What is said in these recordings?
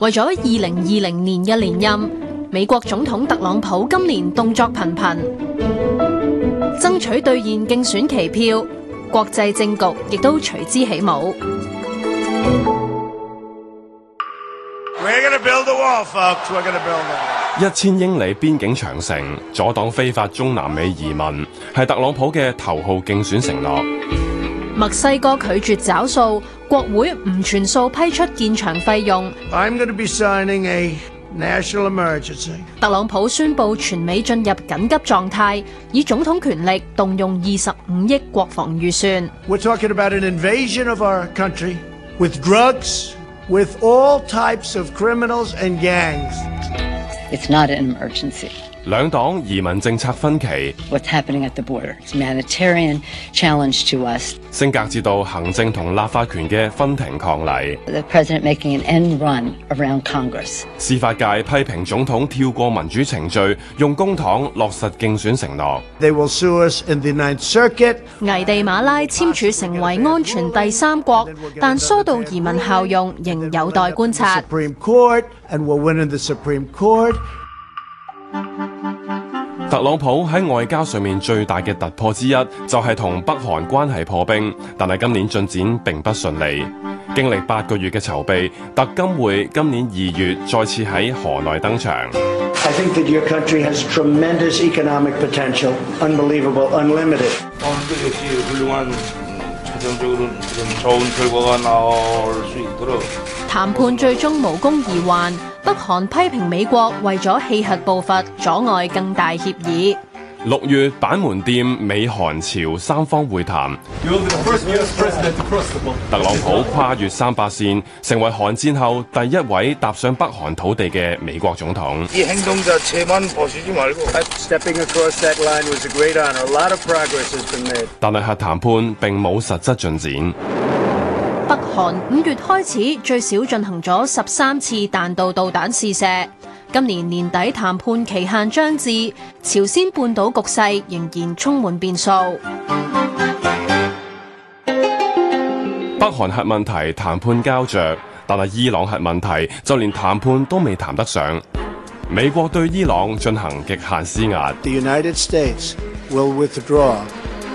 為咗二零二零年嘅連任，美國總統特朗普今年動作頻頻，爭取兌現競選期票，國際政局亦都隨之起舞。一千英里邊境長城，阻擋非法中南美移民，係特朗普嘅頭號競選承諾。墨、嗯、西哥拒絕找數。國會唔全數批出建場費用。I'm going to be signing a national emergency. 特朗普宣布全美進入緊急狀態，以總統權力動用二十五億國防預算。兩黨移民政策分歧，升格至到行政同立法權嘅分庭抗禮。司法界批評總統跳過民主程序，用公帑落實競選承諾。危地 and 馬拉簽署成為安全第三國，但疏導移民效用仍有待觀察。特朗普喺外交上面最大嘅突破之一，就係同北韓關係破冰，但係今年進展並不順利。經歷八個月嘅籌備，特金會今年二月再次喺河內登場。I think that your 談判最終無功而還，北韓批評美國為咗棄核步伐阻礙更大協議。六月板門店美韓朝三方會談，特朗普跨越三八綫，成為韓戰後第一位踏上北韓土地嘅美國總統。但係核談判並冇實質進展。北韓五月開始最少進行咗十三次彈道導彈試射。今年年底談判期限將至，朝鮮半島局勢仍然充滿變數。北韓核問題談判膠着，但係伊朗核問題就連談判都未談得上。美國對伊朗進行極限施壓。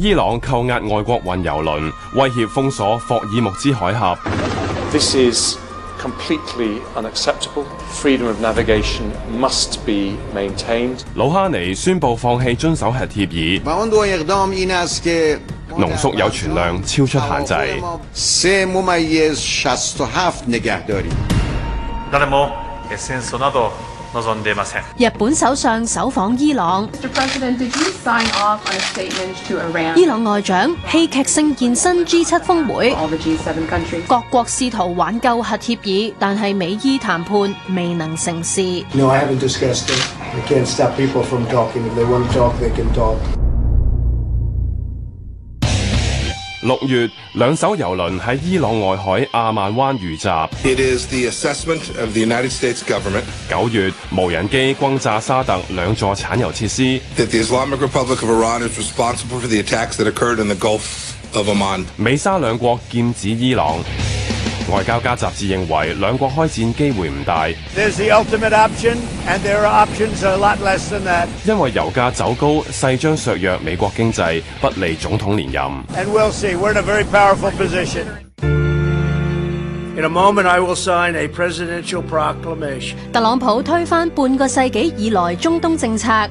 伊朗扣押外國運油輪，威脅封鎖霍爾木茲海峽。魯哈尼宣布放棄遵守核協議。濃縮鈾存量超出限制。日本首相首訪伊朗。伊朗外長戲劇性現身 G7 峰會。各國試圖挽救核協議，但係美伊談判未能成事。No, 六月，兩艘油輪喺伊朗外海阿曼灣遇襲。九月，無人機轟炸沙特兩座產油設施。美沙兩國劍指伊朗。外交家雜誌認為兩國開戰機會唔大，因為油價走高勢將削弱美國經濟，不利總統連任。特朗普推翻半個世紀以來中東政策。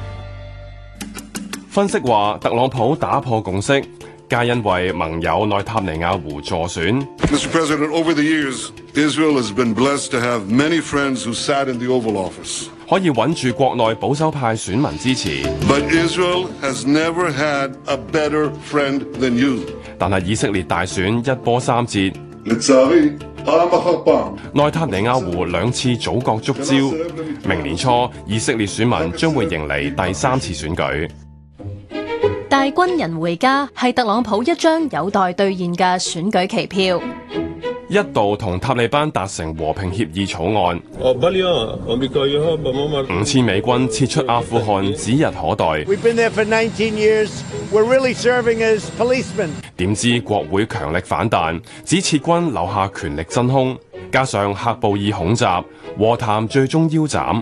分析話，特朗普打破共識，皆因為盟友內塔尼亞胡助選，可以穩住國內保守派選民支持。但係以色列大選一波三折，內塔尼亞胡兩次祖國觸礁，明年初以色列選民將會迎嚟第三次選舉。帶軍人回家係特朗普一張有待兌現嘅選舉期票。一度同塔利班達成和平協議草案，五千美軍撤出阿富汗指日可待。點 re、really、知國會強力反彈，指撤軍留下權力真空，加上喀布爾恐襲，和談最終腰斬。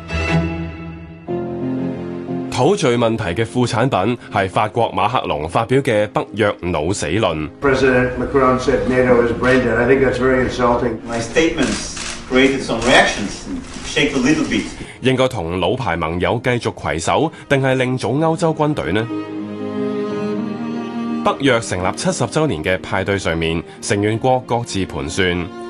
好敘問題嘅副產品係法國馬克龍發表嘅北約腦死論。應該同老牌盟友繼續攜手，定係另組歐洲軍隊呢？北約成立七十周年嘅派對上面，成員國各自盤算。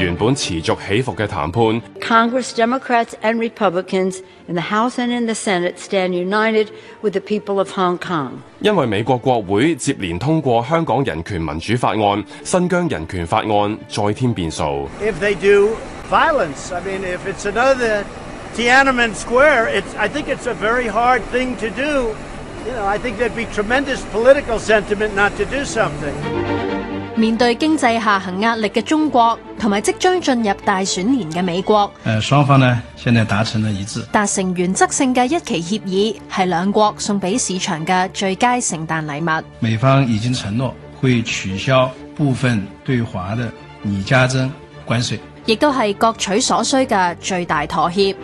原本持續起伏嘅談判，Congress, Democrats and Republicans in the House and in the Senate stand united with the people of Hong Kong. 因為美國國會接連通過香港人權民主法案、新疆人權法案，再添變數。If they do violence, I mean, if it's another Tiananmen Square, I think it's a very hard thing to do. You know, I think there'd be tremendous political sentiment not to do something. 面對經濟下行壓力嘅中國，同埋即將進入大選年嘅美國，誒，雙方呢，現在達成了一致，達成原則性嘅一期協議，係兩國送俾市場嘅最佳聖誕禮物。美方已經承諾會取消部分對華的擬加徵關稅，亦都係各取所需嘅最大妥協。